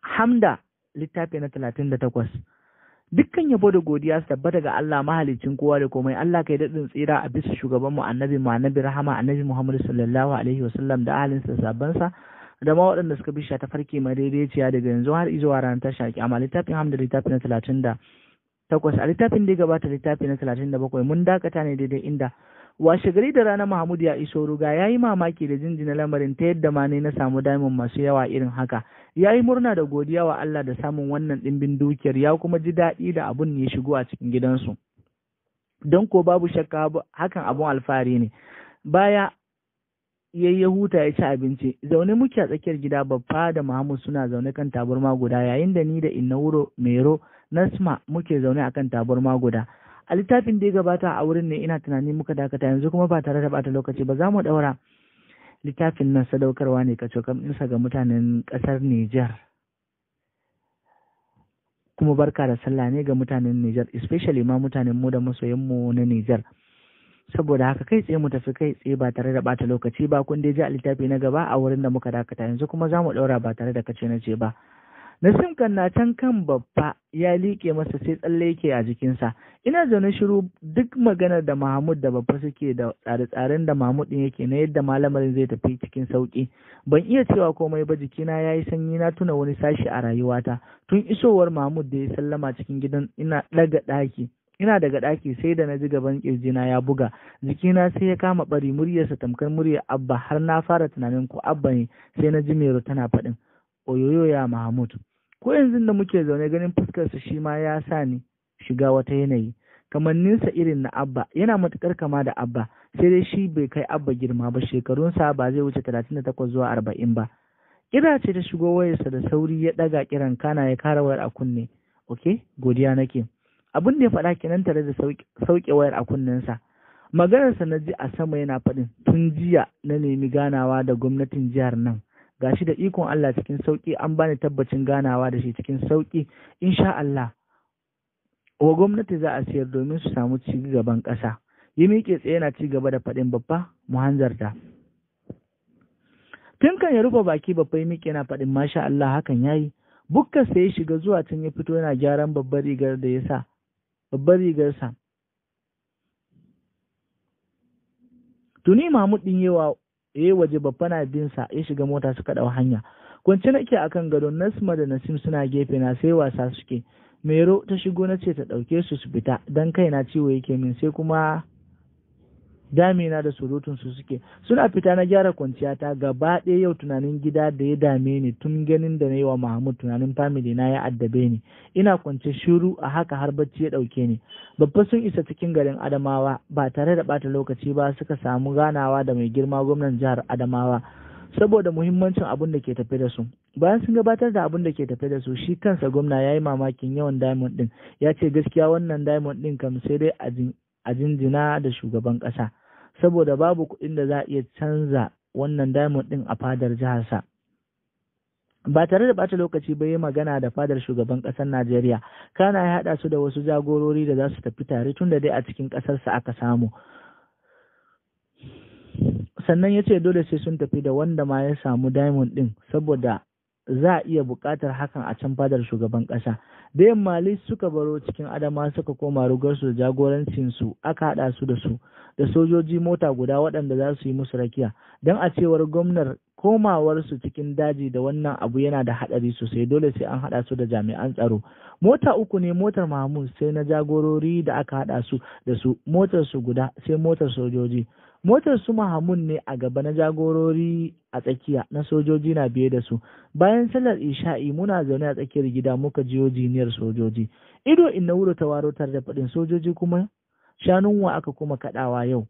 hamda littafi na talatin da takwas dukkan yabo da godiya su tabbata ga Allah mahalicin kowa da komai Allah kai daɗin tsira a bisa shugaban mu annabi mu annabi rahama annabi Muhammadu sallallahu alaihi wasallam da ahalin sa sabban sa da ma waɗanda suka bi ta farke mai daidaiciya daga yanzu har izuwa ranar tasha a amma littafin hamda littafi na talatin da takwas a littafin da ya gabata littafi na talatin da bakwai mun dakata ne daidai inda washe gari da rana Mahmud ya iso ruga ya yi mamaki da jinjina lamarin ta yadda ma na samu diamond masu yawa irin haka ya yi murna da godiya wa Allah da samun wannan ɗimbin dukiyar ya kuma ji daɗi da abun ya shigo a cikin gidansu don ko babu shakka hakan abun alfahari ne baya ya ya huta ya ci abinci zaune muke a tsakiyar gida babba da Mahmud suna zaune kan tabarma guda yayin da ni da Inna Wuro Mero Nasma muke zaune a kan tabarma guda a littafin da ya gabata a wurin ne ina tunanin muka dakata yanzu kuma ba tare da bata lokaci ba za mu daura littafin nan sadaukarwa ne kacokam insa ga mutanen kasar Nijar kuma barka da sallah ne ga mutanen Nijar especially ma mutanen mu da masoyan mu na Nijar saboda haka kai tsaye mu tafi kai tsaye ba tare da bata lokaci ba kun dai ji a littafi na gaba a wurin da muka dakata yanzu kuma za mu ɗaura ba tare da kace na ce ba Nasim kan na can kan babba ya liƙe masa sai tsalle yake a jikinsa. Ina zaune shiru duk maganar da Mahmud da babba suke da tsare-tsaren da Mahmud din yake na yadda malamarin zai tafi cikin sauƙi. Ban iya cewa komai ba jikina ya yi sanyi na tuna wani sashi a rayuwata. Tun isowar Mahmud da ya sallama cikin gidan ina ɗaga ɗaki. ina daga ɗaki sai da na ji gaban na ya buga jikina sai ya kama ɓari muryarsa tamkar muryar abba har na fara tunanin ko abba ne sai na ji mero tana faɗin oyoyo ya Mahmud ko yanzu da muke zaune ganin fuskarsa shi ma ya sa ni shiga wata yanayi kamanninsa irin na abba yana matukar kama da abba sai dai shi bai kai abba girma ba shekarunsa ba zai wuce talatin da zuwa arba'in ba kira ce ta shigo wayarsa da sauri ya ɗaga kiran kana ya kara wayar a kunne okay godiya nake abin da ya faɗa kenan tare da sauke wayar a kunnen sa. maganarsa na ji a sama yana faɗin tun jiya na nemi ganawa da gwamnatin jihar nan gashi da ikon Allah cikin sauki an bani tabbacin ganawa da shi cikin sauki insha Allah wa gwamnati za a siyar domin su samu ci gaban ƙasa Yi miƙe tsaye yana ci gaba da faɗin babba mu hanzarta tun kan ya rufe baki babba Yi miƙe yana faɗin masha Allah hakan yayi bukkar sai ya shiga zuwa tun ya fito yana gyaran babbar rigar da ya sa babbar rigarsa tuni Mahmud din yawa eh waje babba na bin sa ya shiga mota suka dau hanya kwance nake akan gado Nasma da Nasim suna gefe na sai wasa suke Mero ta shigo na ce ta ɗauke su su fita don kaina ciwo yake min sai kuma damina da surutun su suke suna fita na gyara kwanciya ta gaba ɗaya yau tunanin gida da ya dame ni tun ganin da na yi wa Mahmud tunanin famili na ya addabe ni ina kwance shiru a haka har bacci ya ɗauke ni babba sun isa cikin garin Adamawa ba tare da ɓata lokaci ba suka samu ganawa da mai girma gwamnan jihar Adamawa saboda muhimmancin abin da ke tafe da su bayan sun gabatar da abin da ke tafe da su shi kansa gwamna ya yi mamakin yawan diamond din ya ce gaskiya wannan diamond din kam sai dai a jinjina da shugaban ƙasa saboda babu kuɗin da za a iya canza wannan diamond ɗin a fadar jihar sa. ba tare da bata lokaci ba yi magana da fadar shugaban ƙasar Najeriya kana ya haɗa su da wasu jagorori da za su tafi tare tun da dai a cikin ƙasarsa aka samu sannan ya ce dole sai sun tafi da wanda ma ya samu diamond ɗin saboda za a iya buƙatar hakan a can fadar shugaban ƙasa da yamma suka baro cikin adama suka koma rugarsu da jagorancinsu aka haɗa su da su da sojoji mota guda waɗanda za su yi musu rakiya don a cewar gwamnar komawarsu cikin daji da wannan abu yana da haɗari sosai dole sai an haɗa su da jami'an tsaro mota uku ne motar mahmud sai na jagorori da aka haɗa su da su motar su guda sai motar sojoji motar su mahamun ne a gaba na jagorori a tsakiya na sojoji na biye da su bayan sallar isha'i muna zaune a tsakiyar gida muka jiyo jiniyar sojoji ido in na wuro waro tare da faɗin sojoji kuma shanunwa aka kuma kaɗawa yau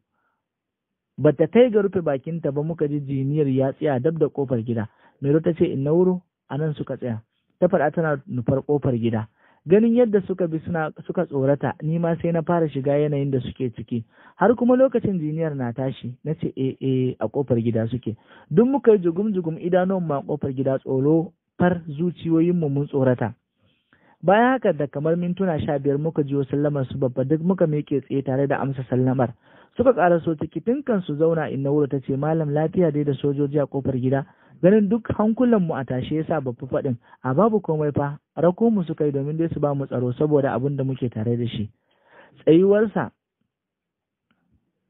bata kai ga rufe bakinta ba muka ji jiniyar ya tsaya dab da kofar gida Mero ta ce in na wuro a nan suka tsaya ta faɗa tana nufar kofar gida ganin yadda suka bi suna suka tsorata ni ma sai na fara shiga yanayin da suke ciki har kuma lokacin jiniyar na tashi na ce e e a kofar gida suke duk muka yi jugum jugum idanun ma kofar gida tsoro far zuciyoyinmu mun tsorata bayan haka da kamar mintuna sha biyar muka jiyo sallamar su babba duk muka miƙe tsaye tare da amsa sallamar suka ƙara so tikitin kan su zauna inna wuri ta ce malam lafiya dai da sojoji a kofar gida ganin duk hankulan mu a tashe yasa babu faɗin a babu komai fa rako mu suka yi domin dai su ba mu tsaro saboda abin da muke tare da shi tsayuwarsa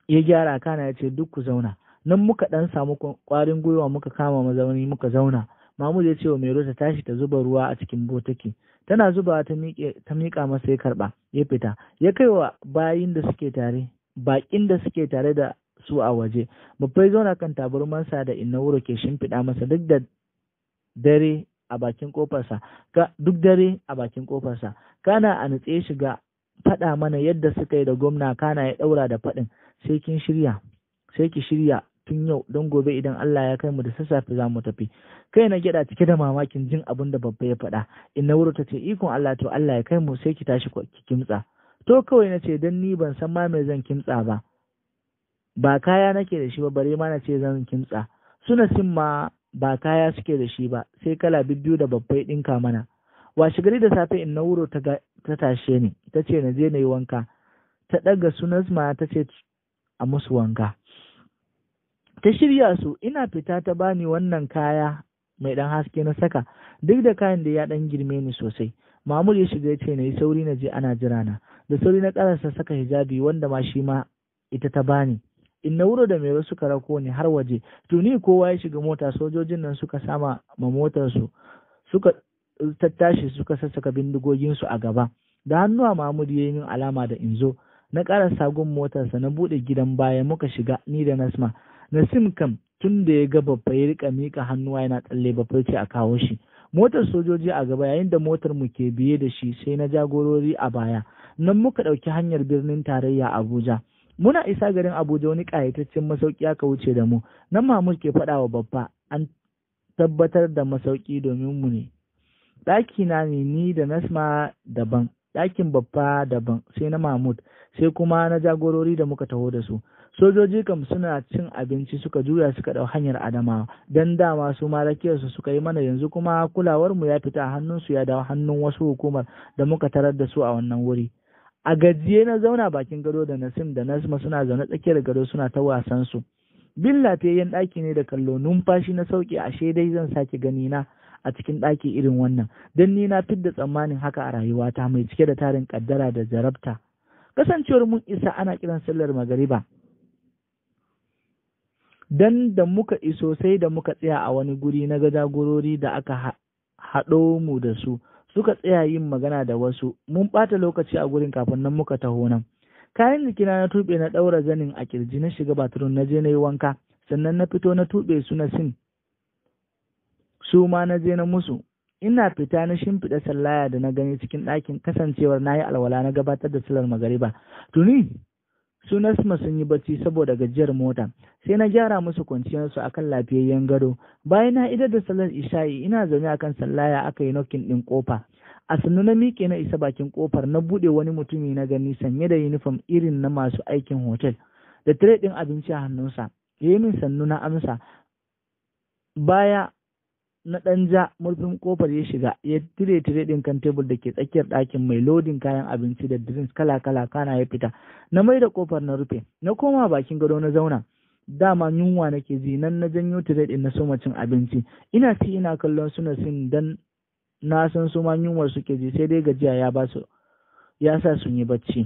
ya gyara kana ya ce duk ku zauna nan muka ɗan samu kwarin gwiwa muka kama mazauni muka zauna Mahmud ya ce wa Mero ta tashi ta zuba ruwa a cikin botiki. Tana zuba ta miƙa masa ya karɓa, ya fita. Ya kai wa bayin da suke tare, baƙin da suke tare da su a waje babbai zauna kan taburmansa da wuro ke shimfiɗa masa duk da dare a bakin kofarsa duk dare a bakin kofarsa kana a nutse shiga faɗa mana yadda suka yi da gwamna kana ya ɗaura da faɗin sai kin shirya sai ki shirya tun yau don gobe idan Allah ya kai mu da sassafe za mu tafi kai na gyaɗa cike da mamakin jin abin da babba ya faɗa inna wuro ta ce ikon Allah to Allah ya kai mu sai ki tashi ki kimtsa to kawai na ce don ni ban san ma me zan kimtsa ba ba kaya nake da shi ba bare ma na ce zan kintsa suna sin ma ba kaya suke da shi ba sai kala bibbiyu da babbai dinka mana washe gari da safe in na wuro ta tashe ni ta ce na je na yi wanka ta ɗaga sunas ma ta ce a musu wanka ta shirya su ina fita ta bani wannan kaya mai ɗan haske na saka duk da kayan da ya ɗan girme ni sosai mamur ya shiga ya ce na yi sauri na je ana jira na da sauri na ƙarasa saka hijabi wanda ma shi ma ita ta bani inna wuro da mai suka rako ne har waje tuni kowa ya shiga mota sojojin nan suka sama ma motarsu suka tattashi suka sassaka bindigoginsu a gaba da hannuwa mahmud ya yi min alama da in zo na ƙara sagun motarsa na buɗe gidan baya muka shiga ni da nasma nasim kam tun da ya ga babba ya rika mika hannuwa yana tsalle babba ce a kawo shi motar sojoji a gaba yayin da motar mu ke biye da shi sai na jagorori a baya nan muka ɗauki hanyar birnin tarayya abuja muna isa garin abuja wani ƙayataccen masauki aka wuce da mu nan mahmud ke faɗa wa babba an tabbatar da masauki domin mu ne ɗaki na ne ni da nasma daban ɗakin babba daban sai na mahmud sai kuma na jagorori da muka taho da su sojoji kam suna cin abinci suka juya suka ɗau hanyar adamawa don dama su ma suka yi mana yanzu kuma kulawarmu ya fita hannunsu ya dawo hannun wasu hukumar da muka tarar da su a wannan wuri a gajiye na zauna bakin gado da Nasim da nasima suna zaune tsakiyar gado suna ta wasan su bin lafiyayyen ɗaki ne da kallo numfashi na sauki ashe dai zan sake gani na a cikin ɗaki irin wannan don ni na fidda tsammanin haka a rayuwata mai cike da tarin kaddara da jarabta kasancewar mun isa ana kiran sallar magariba dan da muka iso sai da muka tsaya a wani guri na ga jagorori da aka haɗo mu da su suka tsaya yin magana da wasu mun ɓata lokaci a gurin kafin nan muka taho nan kayan jikina na tuɓe na ɗaura zanin a kirji na shiga baturun na je na yi wanka sannan na fito na tube su na sin su ma na je na musu ina fita na shimfiɗa sallaya da na gani cikin ɗakin kasancewar na yi alwala na gabatar da silar magariba tuni su Nasma sun yi bacci saboda gajiyar mota, sai na gyara musu kwanciyarsu akan lafiyayyen gado. Bayan na idar da salon isha'i ina zaune akan sallaya aka yi nokin ɗin kofa A sannu na miƙe na isa bakin kofar na buɗe wani mutumi na gani sanye da yunifom irin na masu aikin hotel da tire din abinci a hannunsa. Ya yi min sannu na amsa. Baya na ɗan ja murfin kofar ya shiga ya tire tire ɗin kan tebur da ke tsakiyar ɗakin mai lodin kayan abinci da drinks kala kala kana ya fita na mai da kofar na rufe na koma bakin gado na zauna dama yunwa nake ji nan na janyo tire ɗin na soma cin abinci ina ci ina kallon suna sin dan na san su ma yunwar suke ji sai dai gajiya ya ba su ya sa sun yi bacci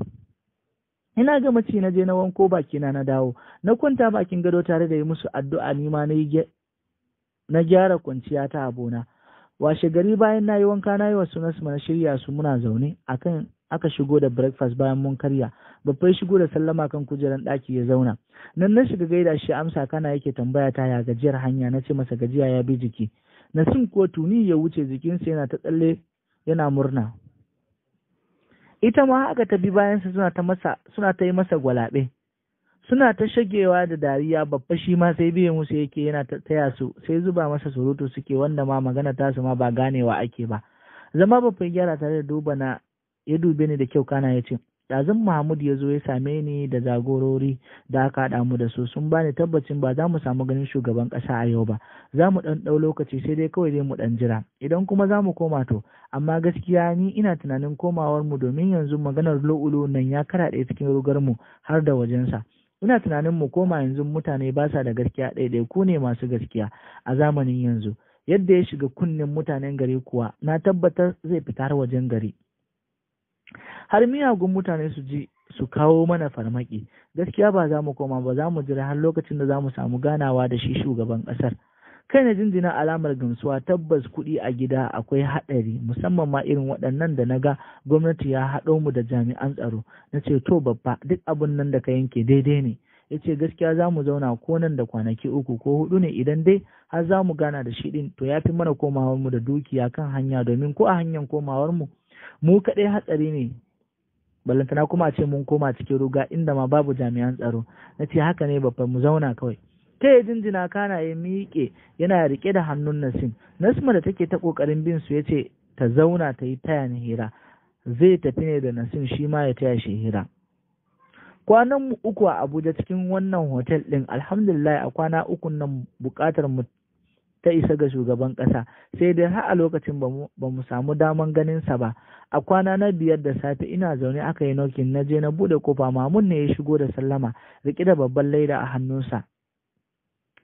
ina gama ci na je na wanko bakina na dawo na kwanta bakin gado tare da yi musu addu'a ni ma na yi na gyara kwanciya ta abona washe gari bayan na yi wanka na yi wasu nasu na shirya su muna zaune akan aka shigo da breakfast bayan mun karya babbar shigo da sallama kan kujeran ɗaki ya zauna nan na shiga gaida shi amsa kana yake tambaya ta ya gajiyar hanya na ce masa gajiya ya bi jiki nasim ko tuni ya wuce jikinsa yana ta tsalle yana murna ita ma haka ta bi bayan suna ta masa suna ta yi masa gwalabe suna ta shagewa da dariya babba shi ma sai biye musu yake yana taya su sai zuba masa surutu suke wanda ma magana su ma ba ganewa ake ba zama babban gyara tare da duba na ya dube ni da kyau kana ya ce ɗazun Mahmud ya zo ya same ni da zagorori da aka haɗa mu da su sun bani tabbacin ba za mu samu ganin shugaban ƙasa a yau ba za mu ɗan ɗau lokaci sai dai kawai dai mu ɗan jira idan kuma za mu koma to amma gaskiya ni ina tunanin komawar mu domin yanzu maganar lo'ulo nan ya karaɗe cikin rugar mu har da wajensa Ina tunanin mu koma yanzu mutane ba sa da gaskiya ɗaiɗai ku ne masu gaskiya a zamanin yanzu yadda ya shiga kunnen mutanen gari kuwa na tabbatar zai fitar wajen gari har miyagun mutane su ji su kawo mana farmaki gaskiya ba za mu koma ba za mu jira har lokacin da za mu samu ganawa da shi shugaban ƙasar kai na jinjina alamar gamsuwa tabbas kuɗi a gida akwai haɗari musamman ma irin waɗannan da na ga gwamnati ya haɗo mu da jami'an tsaro na ce to babba duk abin nan da ka yanke daidai ne ya ce gaskiya za mu zauna ko nan da kwanaki uku ko hudu ne idan dai har za mu gana da shi ɗin to ya fi mana komawar mu da dukiya kan hanya domin ko a hanyar komawar mu mu kaɗai hatsari ne ballantana kuma a ce mun koma cikin ruga inda ma babu jami'an tsaro na ce haka ne babba mu zauna kawai ta yi jinjina kana ya miƙe yana riƙe da hannun nasin, nasima da take ta ƙoƙarin bin su ya ce ta zauna ta yi taya ni hira zai tafi ne da nasin shi ma ya taya shi hira kwanan uku a abuja cikin wannan hotel ɗin alhamdulillah a kwana uku nan buƙatar mu ta isa ga shugaban ƙasa sai dai har a lokacin ba mu samu daman ganin sa ba a kwana na biyar da safe ina zaune aka yi nokin na je na buɗe kofa mamun ne ya shigo da sallama riƙe da babban laida a hannunsa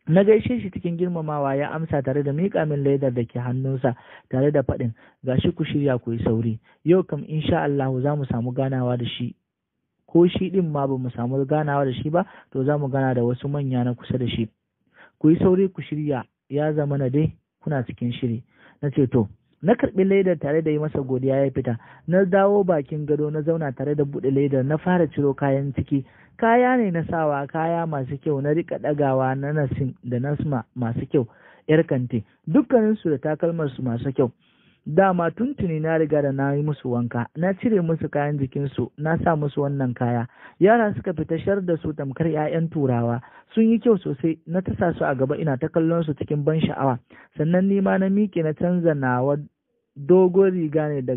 na gaishe shi cikin girmamawa ya amsa tare da miƙa min ledar da ke hannunsa tare da faɗin "Ga shi ku shirya ku yi sauri yau kam insha Allah za mu samu ganawa da shi ko shi din ma ba mu samu ganawa da shi ba to za mu gana da wasu manya na kusa da shi ku yi sauri ku shirya ya zama na dai kuna cikin shiri na ce to na karɓi ledar tare da yi masa godiya ya fita na dawo bakin gado na zauna tare da buɗe ledar na fara ciro kayan ciki kaya ne na sawa kaya masu kyau na rika ɗagawa na nasin da nasma masu kyau yar kanti dukkaninsu da takalmarsu masu kyau dama tuntuni na riga da na yi musu wanka na cire musu kayan jikinsu na sa musu wannan kaya yara suka fita shar da su tamkar 'ya'yan turawa sun yi kyau sosai na tasa su a gaba ina ta kallon su cikin ban sha'awa sannan ni ma na miƙe na canza nawa dogon riga ne da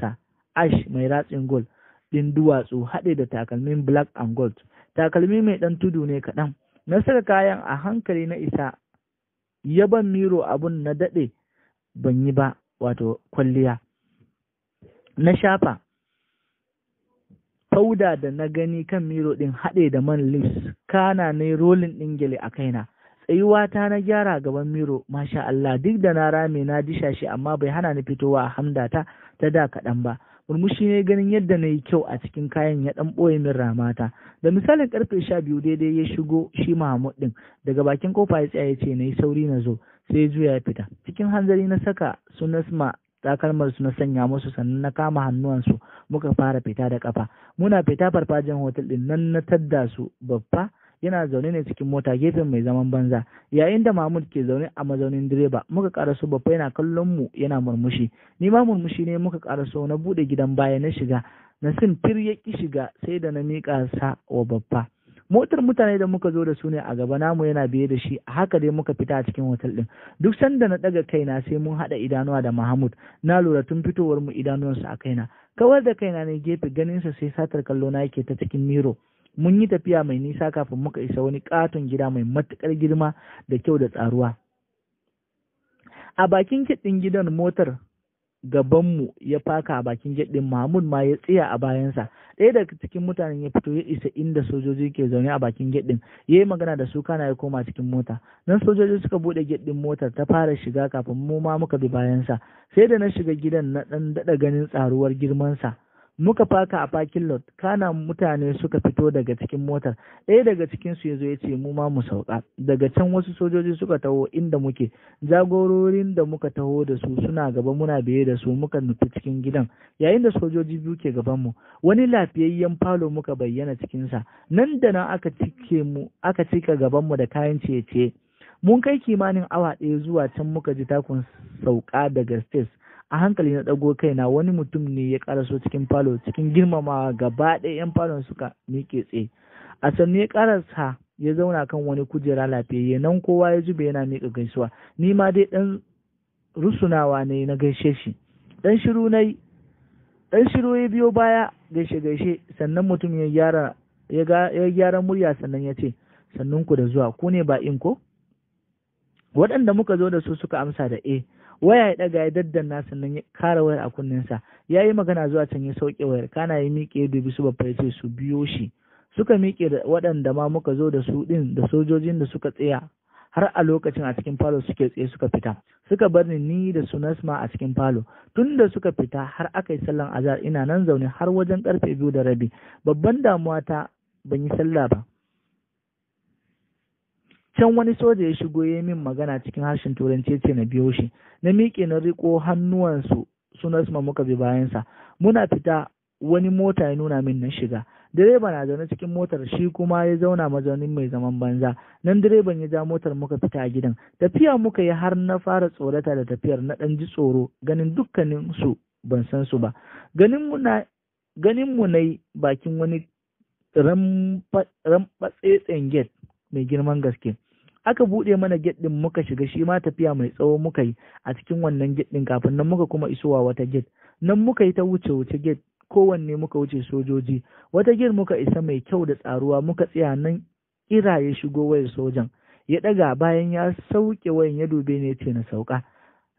sa, ash mai ratsin gold din duwatsu haɗe da takalmin black and gold takalmi mai ɗan tudu ne kaɗan na saka kayan a hankali na isa yaban miro abun na daɗe ban yi ba wato kwalliya na shafa fauda da na gani kan miro ɗin haɗe da man lis kana ne rolin ɗin gele a kaina tsayuwa ta na gyara gaban miro masha Allah duk da na rame na disha shi amma bai hana ni fitowa a hamdata ta da kaɗan ba murmushi ne ganin yadda na yi kyau a cikin kayan ya ɗan ɓoye min ramata da misalin karfe sha biyu daidai ya shigo shi Mahmud ɗin daga bakin kofa ya tsaya ya ce na yi sauri na zo sai juya ya fita cikin hanzari na saka su nasma takalmar su na sanya musu sannan na kama hannuwansu muka fara fita da kafa muna fita farfajen hotel ɗin nan na tadda su babba yana zaune ne cikin mota gefen mai zaman banza yayin da Mahmud ke zaune a mazaunin direba muka so babba yana kallon mu yana murmushi ni ma murmushi ne muka so na bude gidan baya na shiga sin fir ya ki shiga sai da na miƙa sa wa babba motar mutane da muka zo da su ne a gaba namu yana biye da shi a haka dai muka fita a cikin hotel din duk sanda na daga kaina sai mun hada idanuwa da Mahmud na lura tun fitowar mu idanuwansa a kaina kawar da kaina ne gefe ganinsa sai satar kallo na yake ta cikin miro mun yi tafiya mai nisa kafin muka isa wani katon gida mai matuƙar girma da kyau da tsaruwa a bakin kiɗin gidan motar gabanmu ya faka a bakin gyaɗin Mahmud ma ya tsaya a bayansa. Ɗaya daga cikin mutanen ya fito ya isa inda sojoji ke zaune a bakin gyaɗin ya yi magana da su kana ya koma cikin mota. Nan sojoji suka buɗe gyaɗin motar ta fara shiga kafin mu ma muka bi bayansa. Sai da na shiga gidan na ɗan daɗa ganin tsaruwar girmansa. muka faka a parking lot kana mutane suka fito daga cikin motar ɗaya daga cikin su yazo ya ce mu ma mu sauka daga can wasu sojoji suka taho inda muke jagororin da muka taho da su suna gaba muna biye da su muka nufi cikin gidan yayin da sojoji biyu ke gaban mu wani lafiyayyen falo muka bayyana cikin sa nan da nan aka cike mu aka cika gaban mu da kayan ciye-ciye mun kai kimanin awa ɗaya zuwa can muka ji takun sauka daga stage a hankali na ɗago kai na wani mutum ne ya ƙaraso cikin falo cikin girmamawa gaba ɗaya 'yan falon suka miƙe tse a sannu ya ƙarasa ya zauna kan wani kujera lafiyayye nan kowa ya zube yana miƙa gaisuwa ni ma dai ɗan rusunawa ne na gaishe shi ɗan shiru na ɗan shiru ya biyo baya gaishe gaishe sannan mutum ya gyara ya gyara murya sannan ya ce sannunku da zuwa ku ne ba in ko waɗanda muka zo da su suka amsa da eh waya ya daga ya daddanna sannan ya kara wayar a kunnen sa, ya yi magana zuwa can ya sauke wayar kana ya miƙe dubi su babba ce su biyo shi suka miƙe da waɗanda ma muka zo da su ɗin da sojojin da suka tsaya har a lokacin a cikin falo suke tsaye suka fita suka bar ni ni da su nasma a cikin falo tun da suka fita har aka yi sallan azar ina nan zaune har wajen karfe biyu da rabi babban damuwa ta ban yi sallah ba can wani soja ya shigo ya min magana cikin harshen turanci ce na biyo shi na miƙe na riko hannuwansu suna suma muka bi bayansa muna fita wani mota ya nuna min na shiga direba na zaune cikin motar shi kuma ya zauna mazaunin mai zaman banza nan direban ya ja motar muka fita a gidan tafiya muka yi har na fara tsorata da tafiyar na ɗan ji tsoro ganin dukkanin su ban san su ba ganin mu na bakin wani ramfatsetsen gate mai girman gaske aka buɗe mana ɗin muka shiga shi ma tafiya mai tsawo muka yi a cikin wannan ɗin kafin nan muka kuma isowa wata gate nan muka yi ta wuce wuce gate kowanne muka wuce sojoji wata gate muka isa mai kyau da tsaruwa muka tsaya nan ira ya shigo wayar sojan ya ɗaga bayan ya sauke wayan ya dube ne ce na sauka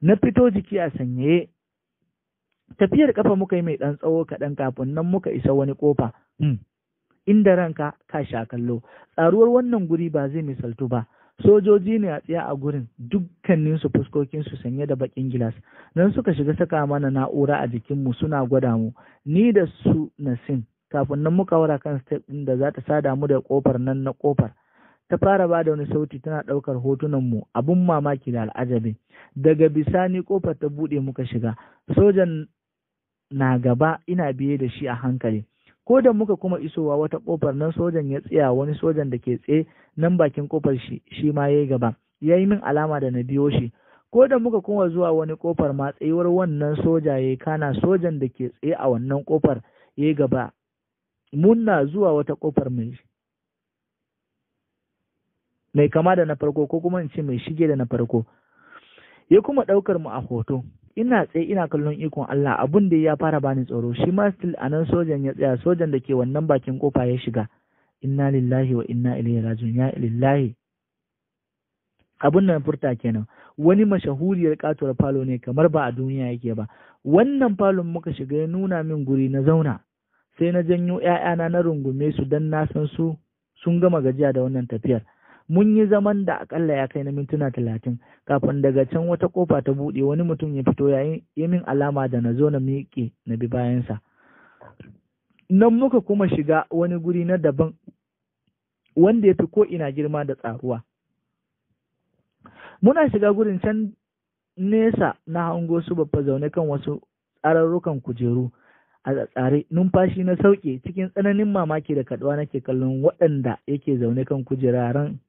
na fito jiki a sanyaye tafiyar kafa muka yi mai ɗan tsawo kaɗan kafin nan muka isa wani ƙofa hmm. inda ranka ka sha kallo tsaruwar wannan guri ba zai misaltu ba sojoji ne a tsaye a gurin dukkanin su fuskokin su sanye da bakin gilas nan suka shiga saka mana na'ura a jikin mu suna gwada mu ni da su nasin kafin nan muka wara kan step din da za ta sada mu da kofar nan na kofar ta fara ba da wani sauti tana ɗaukar hotunan mu abun mamaki da al'ajabi daga bisani kofar ta buɗe muka shiga sojan na gaba ina biye da shi a hankali ko da muka kuma isowa wata kofar nan sojan ya tsaya wani sojan da ke tsaye nan bakin kofar shi shi ma yayi gaba yayi min alama da na biyo shi ko da muka kuma zuwa wani kofar ma tsayuwar wannan soja yayi kana sojan da ke tsaye a wannan kofar yayi gaba munna zuwa wata kofar mai mai kama da na farko ko kuma in ce mai shige da na farko ya kuma ɗaukar mu a hoto ina tsaye ina kallon ikon Allah abun da ya fara bani tsoro shi ma still anan sojan ya tsaya sojan da ke wannan bakin kofa ya shiga inna lillahi wa inna ilaihi rajiun ya lillahi abun nan furta kenan wani mashahuriyar katuwar falo ne kamar ba a duniya yake ba wannan falon muka shiga ya nuna min guri na zauna sai na janyo ‘ya'yana na rungume su don na san su sun gama gajiya da wannan tafiyar mun yi zaman da akalla ya kai na mintuna talatin kafin daga can wata kofa ta buɗe wani mutum ya fito yayin ya min alama da na zo na miƙe na bi bayansa nan muka kuma shiga wani guri na daban wanda ya fi ko ina girma da tsaruwa muna shiga gurin can nesa na hango su babba zaune kan wasu tsararrukan kujeru a tsare numfashi na sauke cikin tsananin mamaki da kaduwa nake kallon waɗanda yake zaune kan kujeraren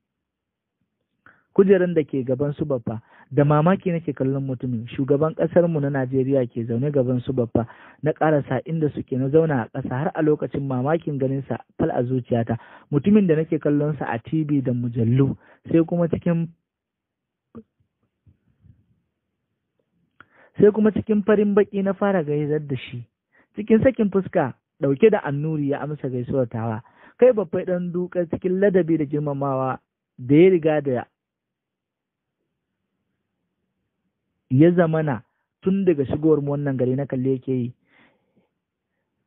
kujeran da ke gaban su babba da mamaki nake kallon mutumin shugaban kasar mu na Najeriya ke zaune gaban su babba na karasa inda suke na zauna a ƙasa har a lokacin mamakin ganinsa, sa fal a zuciyata mutumin da nake kallon a TV da mujallu sai kuma cikin sai kuma cikin farin baki na fara gaisar da shi cikin sakin fuska ɗauke da annuri ya amsa gaisuwar tawa kai babbai ɗan duka cikin ladabi da girmamawa da ya riga da ya zamana tun daga shigowar mu wannan gari na kalle yake yi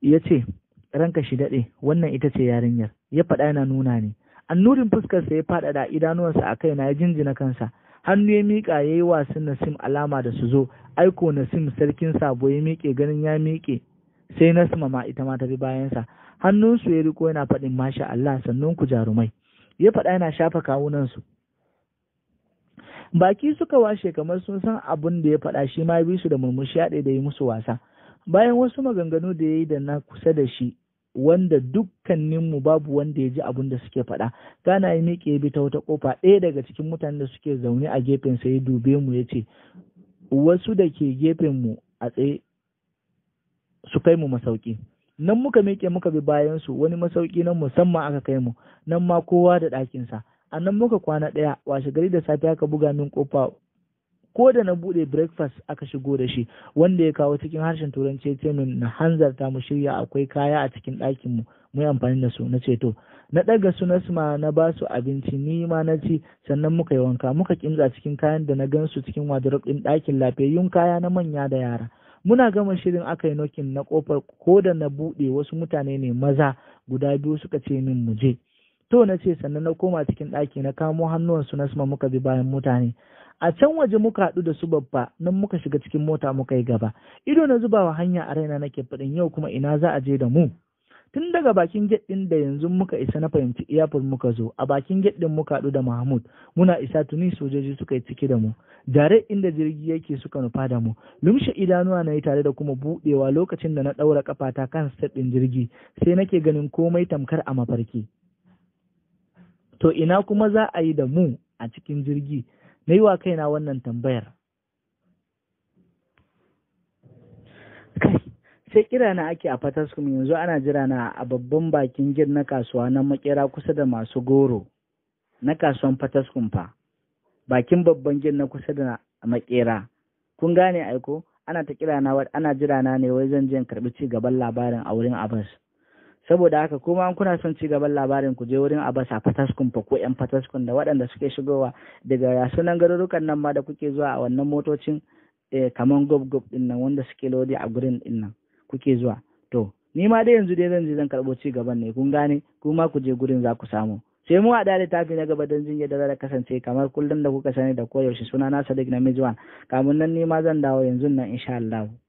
ya ce ranka shi daɗe wannan ita ce yarinyar ya faɗa yana nuna ne annurin fuskarsa ya faɗaɗa idanuwansa a kaina ya jinjina kansa hannu ya miƙa ya yi wasu nasim alama da su zo aiko nasim sarkin sabo ya miƙe ganin ya miƙe sai nasima ma ita ma ta bi bayansa hannunsu ya riko yana faɗin masha Allah sannan ku jarumai ya faɗa yana shafa kawunansu baki suka washe kamar sun san abin da ya faɗa shi ma bi su da murmushi ya da yi musu wasa bayan wasu maganganu da ya yi da na kusa da shi wanda dukkaninmu babu wanda ya ji abin da suke faɗa gana ya miƙe bi ta wata kofa ɗaya daga cikin mutanen da suke zaune a gefen sai dube mu ya ce wasu da ke gefen mu a tsaye su kai mu masauki nan muka miƙe muka bi bayan su wani masauki na musamman aka kai mu nan ma kowa da ɗakinsa a nan muka kwana ɗaya washe gari da safiya ka buga min kofa ko da na buɗe breakfast aka shigo da shi wanda ya kawo cikin harshen turanci ya ce min na hanzarta mu shirya akwai kaya a cikin ɗakin mu mu yi amfani da su na ce to na ɗaga su na suma na ba su abinci ni ma na ci sannan muka yi wanka muka kimza cikin kayan da na gansu cikin wardrobe ɗin ɗakin lafiyayyun kaya na manya da yara muna gama shirin aka yi nokin na kofar ko da na buɗe wasu mutane ne maza guda biyu suka ce min mu je to na ce sannan na koma cikin ɗaki na kamo hannuwansu na suma muka bi bayan mutane a can waje muka haɗu da su babba nan muka shiga cikin mota muka yi gaba ido na zubawa hanya a raina nake faɗin yau kuma ina za a je da mu tun daga bakin ɗin da yanzu muka isa na fahimci iyafur muka zo a bakin ɗin muka haɗu da mahmud muna isa tuni sojoji suka yi ciki da mu jare inda jirgi yake suka nufa da mu lumshe idanuwa na yi tare da kuma buɗewa lokacin da na ɗaura kafata kan ɗin jirgi sai nake ganin komai tamkar a mafarki to ina kuma za a yi da mu a cikin jirgi na yi wa kaina wannan tambayar kai sai kira na ake a fataskum yanzu ana jira na a babban bakin gir na kasuwa na makera kusa da masu goro na kasuwan fataskum fa bakin babban gir na kusa da makera kun gane aiko ana ta kira na ana jira na ne wai zan je in ci gaban labarin a wurin Abbas saboda haka kuma an kuna son ci gaban labarin ku je wurin abasa fataskun fa ko yan fataskun da waɗanda suke shigowa daga sunan garurukan nan ma da kuke zuwa a wannan motocin eh, kaman gob gob din nan wanda suke lodi a gurin din nan kuke zuwa to ni ma dai yanzu dai zan je zan karɓo ci gaban ne kun gane kuma ku je gurin za ku samu sai mu haɗa littafi na gaba don jin yadda za kasance kamar kullum da kuka sani da koyaushe suna na sadik na mijuwan kamun nan ni ma zan dawo yanzu nan insha Allah